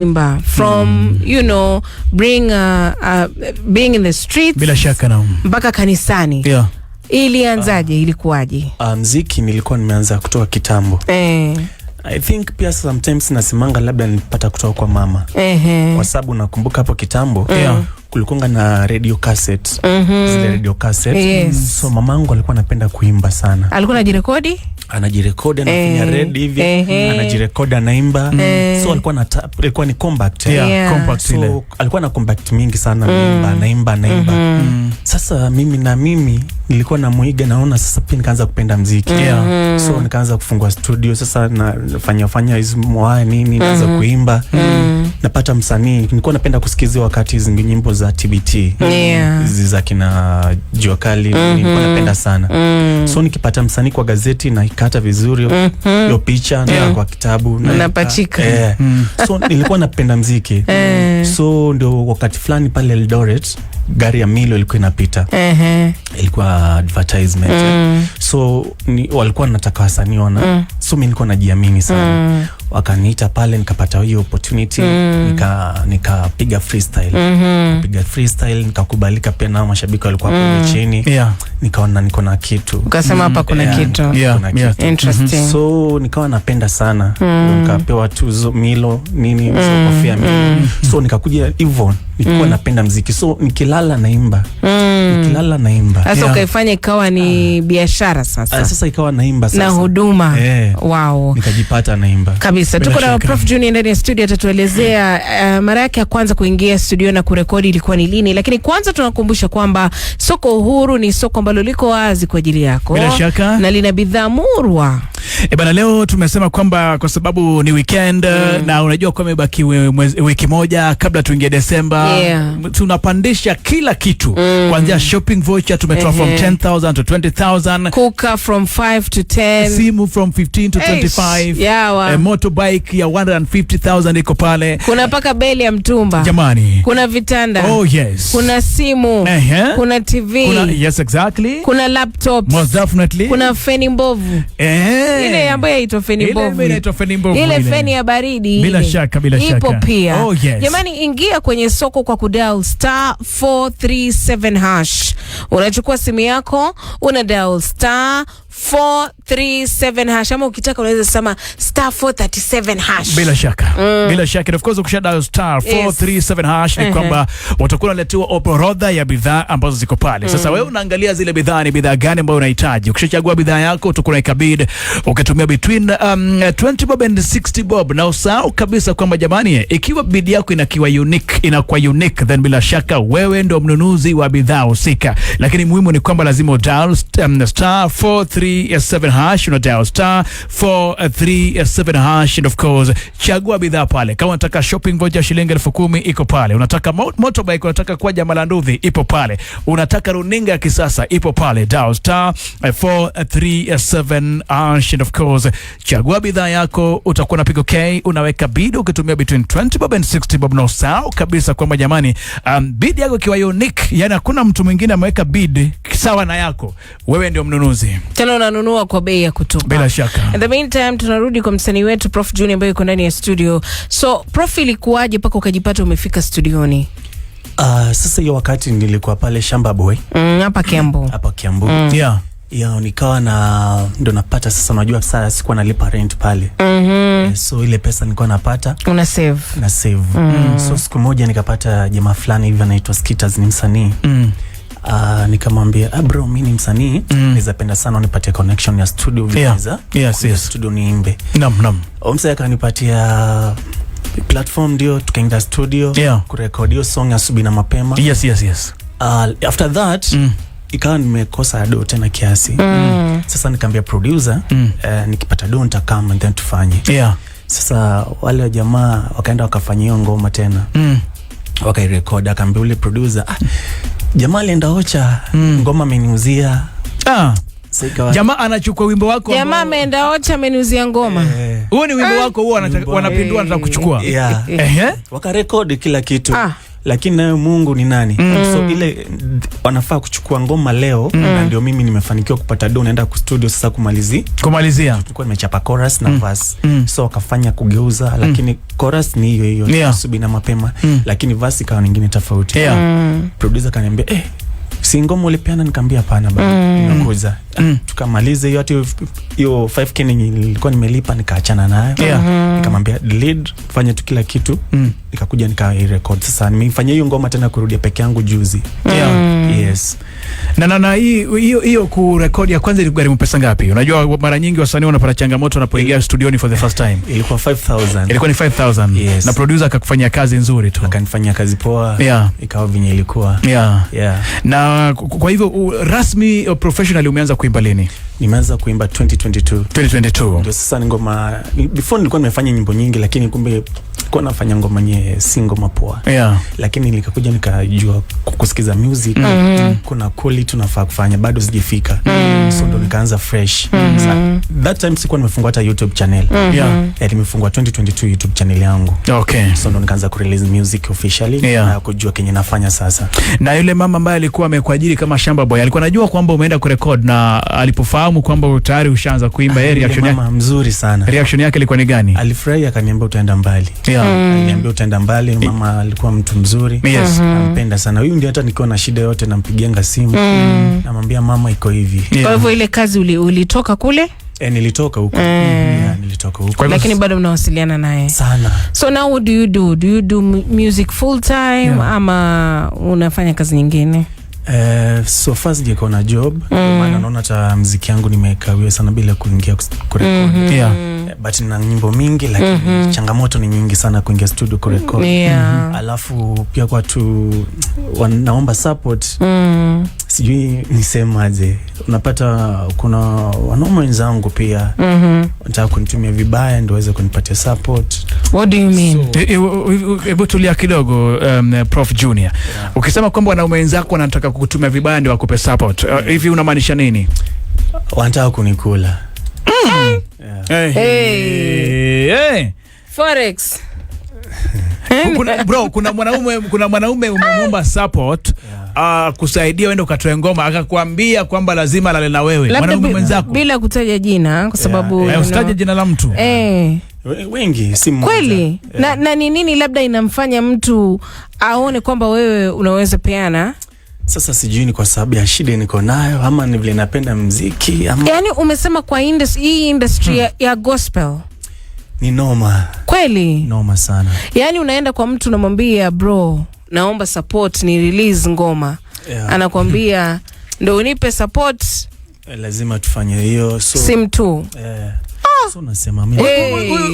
Mba, from mm. you know bring uh, uh, being in the streets bila shaka na mpaka kanisani yeah. Ilianzaje? uh, ilikuwaje? uh, mziki nilikuwa nimeanza kutoka kitambo eh. I think pia sometimes nasimanga labda nipata kutoka kwa mama eh, kwa sababu nakumbuka hapo kitambo mm. yeah kulikuwa na radio cassette mm -hmm. zile radio cassette yes. Mm, so mamangu alikuwa anapenda kuimba sana, alikuwa anajirekodi anajirekodi anafanya eh, red hivi anajirekodi anaimba, eh. so alikuwa na tap, alikuwa ni compact yeah, yeah. compact so, ile alikuwa na compact mingi sana anaimba mm. anaimba anaimba mm -hmm. mm. Sasa mimi na mimi nilikuwa na muiga naona, sasa pia nikaanza kupenda mziki mm -hmm. yeah. so nikaanza kufungua studio sasa na fanya fanya hizo mwa nini mm -hmm. naanza mm-hmm. kuimba mm -hmm. napata msanii nilikuwa napenda kusikiza wakati hizo nyimbo za TBT hizi yeah. za kina Jua Kali mm -hmm. nilikuwa mm-hmm. napenda sana mm -hmm. so nikipata msanii kwa gazeti na kata vizuri yo, mm hmm yo picha na yeah. kwa kitabu napachika yeah. mm. so nilikuwa napenda mziki mm. so ndio wakati fulani pale Eldoret gari ya Milo ilikuwa inapita eh, eh. ilikuwa advertisement mm. so ni, walikuwa nataka wasani ona mm. so mi nilikuwa najiamini sana mm. wakaniita pale nikapata hiyo opportunity mm. nikapiga nika freestyle mm -hmm. piga freestyle nikakubalika pia nao mashabiki walikuwa mm. chini yeah nikaona niko na kitu ukasema hapa mm, kuna yeah, kitu, yeah, kuna yeah, kitu. Mhm. Interesting. Mm -hmm. So nikawa napenda sana mm. nikapewa tuzo milo nini mm. so, kofia milo mm. so nikakuja hivyo nilikuwa mm. napenda mziki so nikilala naimba mm. nikilala naimba sasa yeah. ukaifanya ikawa ni uh, biashara sasa uh, sasa ikawa naimba sasa na huduma yeah. wow nikajipata naimba kabisa tuko na prof junior ndani ya studio atatuelezea uh, mara yake ya kwanza kuingia studio na kurekodi ilikuwa ni lini lakini kwanza tunakumbusha kwamba soko uhuru ni soko ambalo liko wazi kwa ajili yako bila shaka na lina bidhaa murwa. E bana, leo tumesema kwamba kwa sababu ni weekend mm. na unajua kwa imebaki wiki moja kabla tuingie Desemba yeah. tunapandisha kila kitu mm. kuanzia shopping voucher tumetoa from 10000 to 20000, kuka from 5 to 10, simu from 15 to 25, e, motorbike ya 150000 iko pale. Kuna paka beli ya mtumba jamani, kuna vitanda, oh yes, kuna simu uh -huh. kuna TV, kuna yes exactly Exactly. Kuna laptop. Most definitely. Kuna feni mbovu. Eh. Ile ambayo inaitwa feni mbovu. Ile inaitwa feni mbovu. Ile feni ya baridi. Bila shaka, bila shaka. Ipo pia. Oh yes. Jamani, ingia kwenye soko kwa kudial star 437 hash. Unachukua simu yako, una dial star 437 hash ama ukitaka unaweza sema star 437 hash. Bila shaka. Mm. Bila shaka. Of course ukishada star 437 hash ni uh-huh. kwamba watakuwa wanaletewa orodha ya bidhaa ambazo ziko pale. Mm. Sasa wewe unaangalia zile bidhaa ni bidhaa gani ambayo unahitaji. Ukishachagua bidhaa yako utakuwa ikabid ukatumia between um, 20 bob and 60 bob na usahau kabisa kwamba jamani, ikiwa bidii yako inakiwa unique, inakuwa unique then bila shaka wewe ndio mnunuzi wa bidhaa husika. Lakini muhimu ni kwamba lazima dial um, star 43 437 hash, una dial star 437 hash, and of course chagua bidhaa pale. Kama unataka shopping voucher shilingi elfu kumi iko pale, unataka motorbike, unataka kwaja malandudhi ipo pale, unataka runinga ya kisasa ipo pale, dial star 437 eh, hash, and of course chagua bidhaa yako, utakuwa na pigo K, unaweka bid ukitumia between 20 bob and 60 bob. No sao kabisa kwamba jamani, um, bid yako ikiwa unique, yani hakuna mtu mwingine ameweka bid sawa na yako, wewe ndio mnunuzi Chalo unanunua kwa bei ya kutupa. Bila shaka. In the meantime tunarudi kwa msanii wetu Prof Juni ambaye yuko ndani ya studio. So Prof, ilikuwaje mpaka ukajipata umefika studioni? Uh, sasa hiyo wakati nilikuwa pale Shamba Boy. Mm, hapa Kiambu. Hapa Kiambu. Mm. Yeah. Ya, nikawa na ndo napata sasa, unajua sasa sikuwa nalipa rent pale. mm -hmm. So ile pesa nilikuwa napata una save na save. Mm -hmm. So siku moja nikapata jamaa fulani hivi anaitwa Skitters, ni msanii mm uh, nikamwambia ah, bro, mi ni msanii mm. nizapenda sana unipatie connection ya studio yeah. yes, yes. studio niimbe nam naam. Oh, msanii akanipatia platform ndio tukaenda studio yeah. kurekodi hiyo song asubuhi na mapema yes, yes, yes. Uh, after that mm. ikawa nimekosa do tena kiasi mm. Sasa nikaambia producer mm. eh, nikipata do nitakam and then tufanye yeah. Sasa wale wa jamaa wakaenda wakafanya hiyo ngoma tena mm. wakairekodi, akaambia ule producer ah, jamaa alienda Ocha mm. ngoma ameniuzia ah. Jamaa anachukua wimbo wako, jamaa ameenda Ocha ameniuzia ngoma eh. Huo ni wimbo eh. wako huo, wanapindua, anataka kuchukua yeah. eh. wakarekodi kila kitu ah lakini nayo Mungu ni nani? mm. So ile wanafaa kuchukua ngoma leo mm. na ndio mimi nimefanikiwa kupata do, naenda kustudio sasa kumalizi kumalizia, tulikuwa nimechapa chorus na mm. vas mm. so wakafanya kugeuza mm. lakini ni hiyo hiyo yeah. asubuhi na mapema mm. lakini vas ikawa ningine tofauti yeah. mm. producer kaniambia eh si ngoma ulipeana? Nikamwambia hapana baba, mm. Nakuza mm. Tukamaliza hiyo hata hiyo 5k nilikuwa nimelipa nikaachana nayo yeah. mm -hmm. Nikamwambia lead fanya tu kila kitu mm. Nikakuja nika record sasa, nimefanya hiyo ngoma tena kurudia peke yangu juzi yeah. mm. Yes na na na hiyo hiyo kurekodi ya kwanza iligharimu pesa ngapi? Unajua mara nyingi wasanii wanapata changamoto wanapoingia studioni for the first time. Ilikuwa 5000 ilikuwa ni 5000 yes. Na producer akakufanyia kazi nzuri tu, akanifanyia kazi poa yeah. Ikawa vinye ilikuwa yeah. yeah. na kwa hivyo rasmi uh, professionally umeanza kuimba lini? Nimeanza kuimba 2022. 2022. Ndio sasa ni ngoma before nilikuwa nimefanya nyimbo nyingi lakini kumbe nilikuwa nafanya ngoma nye single mapoa yeah. Lakini nikakuja nikajua kusikiza music mm -hmm. Kuna kuli tunafaa kufanya bado zijifika mm -hmm. So ndo nikaanza fresh mm -hmm. That time sikuwa nimefungua hata YouTube channel mm -hmm. Yeah. Yeah, nimefungua 2022 YouTube channel yangu okay. So ndo nikaanza kurelease music officially yeah. Na kujua kenye nafanya sasa. Na yule mama ambaye alikuwa amekuajiri kama shamba boy alikuwa najua kwamba umeenda kurekod na alipofahamu kwamba tayari ushaanza kuimba, ah, yeye reaction yake mzuri sana. Reaction yake ilikuwa ni gani? Alifurahi akaniambia utaenda mbali yeah. Mm. Aliambia utaenda mbali, mama alikuwa mtu mzuri yes. mm -hmm. Nampenda sana huyu, ndio hata nikiwa na shida yote nampigianga simu mm. Namwambia mama iko hivi yeah. Kwa hivyo ile kazi ulitoka uli kule E, nilitoka huko. Mm. mm. Yeah, nilitoka huko. Lakini bado mnawasiliana naye. Sana. So now what do you do? Do you do music full time yeah, ama unafanya kazi nyingine? Uh, so far sijako na job, mm. maana naona hata mziki yangu nimekawia sana bila kuingia kurekodi. Mm -hmm. Yeah but na nyimbo mingi lakini mm -hmm. changamoto ni nyingi sana kuingia studio kurekod yeah. Mhm. alafu pia watu wanaomba support mm. sijui nisemaje, unapata kuna wanaume wenzangu pia mm -hmm. nataka kunitumia vibaya ndio waweze kunipatia support. What do you mean? E, e, e, hebu tulia kidogo um, Prof Junior yeah. ukisema kwamba wanaume wenzako wanataka kukutumia vibaya ndio wakupe support uh, hivi yeah. uh, unamaanisha nini? wanataka kunikula Forex. kuna, bro, kuna mwanaume kuna mwanaume umemuomba support yeah. uh, kusaidia uende ukatoe ngoma akakwambia kwamba lazima lale na wewe mwanaume mwenzako bila kutaja jina kwa sababu yeah. usitaje yeah, jina la mtu yeah. hey. Wengi si mmoja kweli yeah. na, na ni nini labda inamfanya mtu aone kwamba wewe unaweza peana sasa sijui ni kwa sababu ya shida niko nayo ama ni vile napenda mziki ama... Yani umesema kwa indes, hii industry hmm, ya ya gospel ni noma kweli, noma sana. Yani unaenda kwa mtu unamwambia bro, naomba support ni release ngoma yeah, anakwambia ndo unipe support eh, lazima tufanye hiyo so, sim tu eh. Ah! So, nasema mimi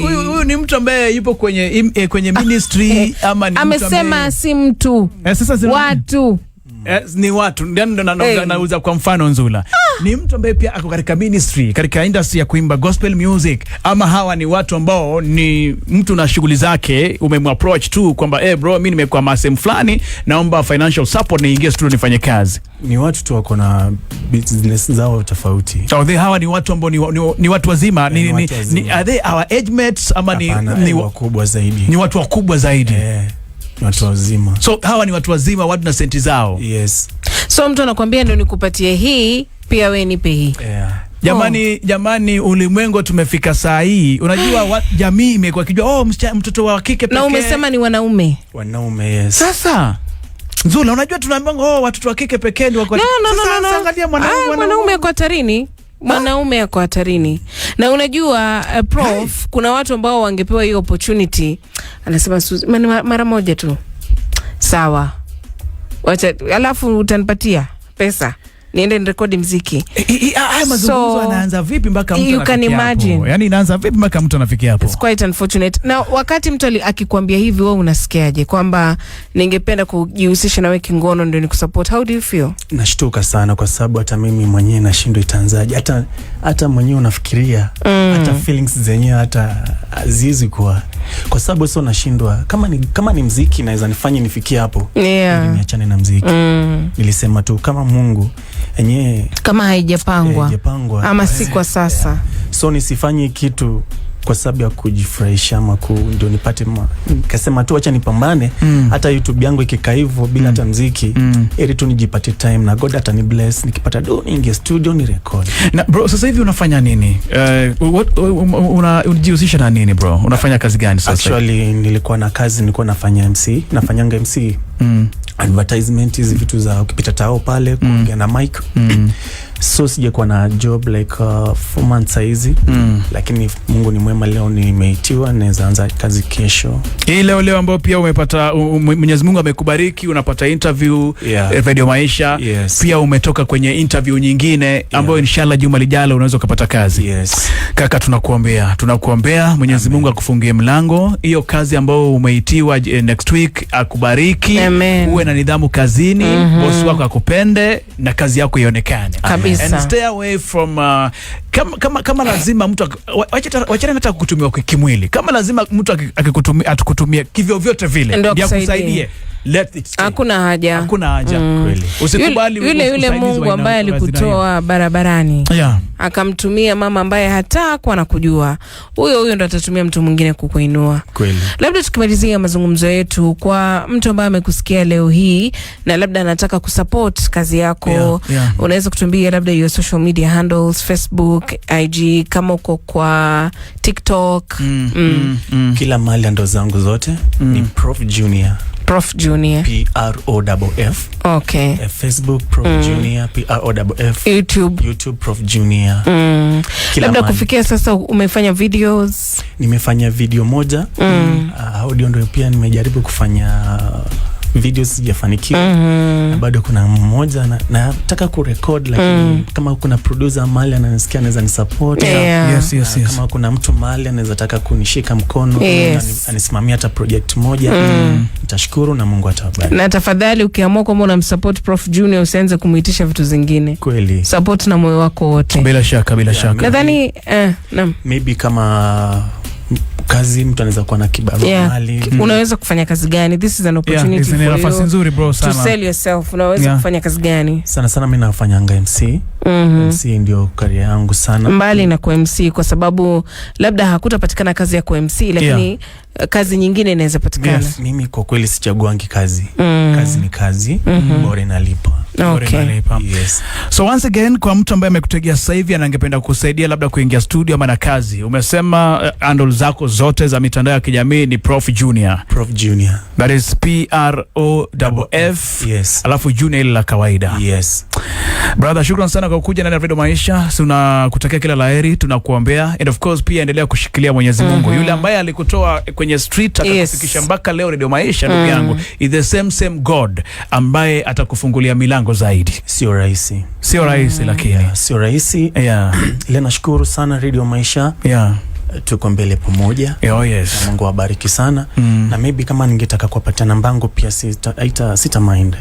huyu ni mtu ambaye yupo kwenye, eh, kwenye ministry ama ni amesema mtu ambaye... sim tu eh, sasa watu eh, ni watu ndio anauza. Kwa mfano Nzula ah, ni mtu ambaye pia ako katika ministry, katika industry ya kuimba gospel music, ama hawa ni watu ambao ni mtu na shughuli zake, umemapproach tu kwamba eh, bro, mimi nimekuwa masem fulani, naomba financial support niingie studio nifanye kazi. Ni watu tu wako na business zao tofauti. So they hawa ni watu ambao ni, eh, ni, ni watu wazima ni, ni, ni, Ni, are they our age mates ama Apana, ni, ni, ni wakubwa zaidi, ni watu wakubwa zaidi eh watu wazima. So hawa ni watu wazima, watu na senti zao. Yes. So mtu anakuambia ndio nikupatie hii pia wewe nipe hii. Yeah. Jamani, oh. Jamani, ulimwengu tumefika saa hii, unajua wa, jamii imekuwa kijua oh, mtoto wa kike pekee. Na umesema ni wanaume wanaume, yes. Sasa Nzula, unajua tunaambia oh, watoto wa kike pekee ndio. No, no, no, no, no. Angalia mwanaume ah, mwanaume kwa tarini mwanaume ako hatarini. Na unajua uh, prof, kuna watu ambao wangepewa hiyo opportunity, anasema mara moja tu sawa, wacha, alafu utanipatia pesa niende nirekodi mziki. Haya mazungumzo yanaanza vipi mpaka mtu anafikia can yani inaanza vipi mpaka mtu anafikia hapo? It's quite unfortunate. Na wakati mtu akikwambia hivi, wewe unasikiaje kwamba ningependa kujihusisha na wewe kingono ndio nikusupport, how do you feel? Nashtuka sana kwa sababu hata mimi mwenyewe nashindwa itanzaje, hata hata mwenyewe unafikiria mm. hata feelings zenyewe hata azizi kwa kwa sababu sio nashindwa kama ni, kama ni mziki naweza nifanye nifikie hapo yeah. niachane na mziki mm. nilisema tu kama Mungu yenyewe kama haijapangwa haijapangwa ama si kwa sasa yeah. So nisifanye kitu kwa sababu ya kujifurahisha ama ku, ndio nipate ma, kasema tu acha nipambane mm. hata YouTube yangu ikikaa hivyo bila hata mm. mziki mm. ili tu nijipate time na God atani bless nikipata do ninge studio ni record. Na bro, sasa hivi unafanya nini? Uh, what um, um, una unajihusisha na nini bro? Unafanya kazi gani sasa? Actually nilikuwa na kazi nilikuwa nafanya MC, nafanyanga MC mm advertisement hizi vitu za ukipita tao pale kuongea na mm. mm so sijakuwa na job like uh, months saizi mm. Lakini Mungu ni mwema, leo nimeitiwa, naweza anza kazi kesho hii leo leo, ambayo pia umepata Mwenyezi Mungu amekubariki, unapata interview yeah. Radio eh, Maisha yes. Pia umetoka kwenye interview nyingine ambayo yeah. Inshallah juma lijalo unaweza ukapata kazi yes. Kaka, tunakuombea tunakuombea, Mwenyezi Mungu akufungie mlango hiyo kazi ambayo umeitiwa eh, next week, akubariki Amen. Uwe na nidhamu kazini, mm -hmm. Bosi wako akupende na kazi yako ionekane kabisa. And stay away from uh, kama, kama, kama lazima mtu wachana hata kukutumia kimwili, kama lazima mtu akikutumia kivyo vyote vile ndio akusaidie let Hakuna haja, hakuna haja mm. usikubali yule yule Mungu ambaye alikutoa barabarani yeah. Akamtumia mama ambaye hata kwa anakujua huyo huyo ndo atatumia mtu mwingine kukuinua kweli. Labda tukimalizia mazungumzo yetu kwa mtu ambaye amekusikia leo hii na labda anataka kusupport kazi yako yeah, yeah. Unaweza kutumbia labda your social media handles Facebook, IG kama uko kwa TikTok mm, mm. Mm. mm. Kila mahali ndo zangu zote mm. ni Prof Junior Prof Junior. P R O F. Okay. Eh, Facebook Prof mm. Junior, P R O F. YouTube. YouTube Prof Junior. Mm. Labda kufikia sasa umefanya videos? Nimefanya video moja. Mm. Uh, audio ndio pia nimejaribu kufanya uh, video sijafanikiwa mm -hmm. Bado kuna mmoja nataka na kurekod lakini mm. Kama kuna producer mali ananisikia anaweza ni support yeah. yes, yes, ah, yes. Kama kuna mtu mali anaweza taka kunishika mkono yes. Anisimamia hata project moja mm. Nitashukuru na Mungu atawabariki. Na tafadhali ukiamua kwamba unamsupport Prof Junior usianze kumuitisha vitu zingine Kweli. Support na moyo wako wote. Bila shaka, bila yeah, shaka. Nadhani eh, na. Maybe kama kazi mtu anaweza kuwa na kibarua yeah. mali mm. Unaweza kufanya kazi gani? This is an opportunity yeah, for you. Nafasi nzuri bro sana. To sell yourself. Unaweza yeah. kufanya kazi gani? Sana sana mimi nafanya anga MC. Mm -hmm. MC ndio career yangu sana. Mbali na kwa MC kwa sababu labda hakutapatikana kazi ya kwa MC lakini yeah kazi nyingine inaweza patikana. Yes, mimi kwa kweli sichaguangi kazi. Mm. Kazi ni kazi, mm -hmm. bora inalipa. Okay. Yes. So once again kwa mtu ambaye amekutegea sasa hivi anangependa kukusaidia labda kuingia studio ama na kazi, umesema eh, handle zako zote za mitandao ya kijamii ni Prof Junior. Prof Junior. That is P R O F F. Yes. Alafu Junior ile la kawaida. Yes. Brother, shukran sana kwa kuja ndani ya Radio Maisha. Tunakutakia kila laheri, tunakuombea and of course pia endelea kushikilia Mwenyezi Mungu. mm -hmm. Yule ambaye alikutoa kwenye street akakufikisha yes. mpaka leo Radio Maisha, ndugu mm. yangu, is the same same God ambaye atakufungulia milango zaidi. Sio rahisi, sio rahisi mm -hmm. lakini yeah, sio rahisi yeah. Ile nashukuru sana Radio Maisha yeah tuko mbele pamoja. Oh, yes. Mungu awabariki sana mm. na maybe kama ningetaka namba yangu pia sita, sita mind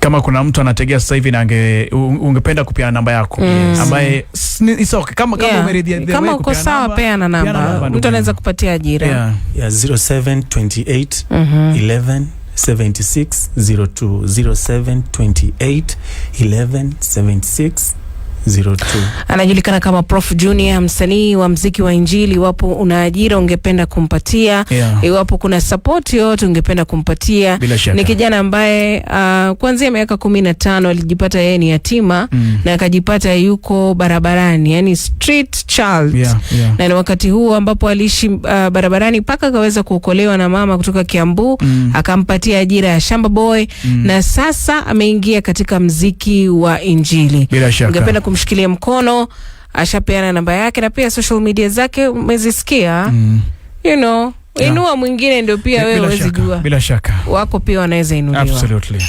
kama kuna mtu anategea sasa hivi na ange, ungependa kupeana namba yako yes. Mm. ambaye it's okay kama kama yeah. umeridhia kama uko sawa, peana namba, mtu anaweza kupatia ajira yeah. yeah 0728 mm -hmm. 11 76 02 0728 11 76 Anajulikana kama Prof Junior, msanii wa mziki wa Injili. Iwapo una ajira ungependa kumpatia, yeah. Iwapo kuna support yoyote ungependa kumpatia. Ni kijana ambaye uh, kuanzia miaka kumi na tano alijipata yeye ni yatima mm. na akajipata yuko barabarani, yani street child yeah, yeah. na ni wakati huo ambapo aliishi uh, barabarani mpaka akaweza kuokolewa na mama kutoka Kiambu mm. akampatia ajira ya shamba boy mm. na sasa ameingia katika mziki wa Injili. Bila shaka kumshikilia mkono, ashapeana namba yake na pia social media zake umezisikia mm. you know yeah. Inua mwingine ndio pia wewe uwezi jua, bila shaka wako pia wanaweza inuliwa. Absolutely.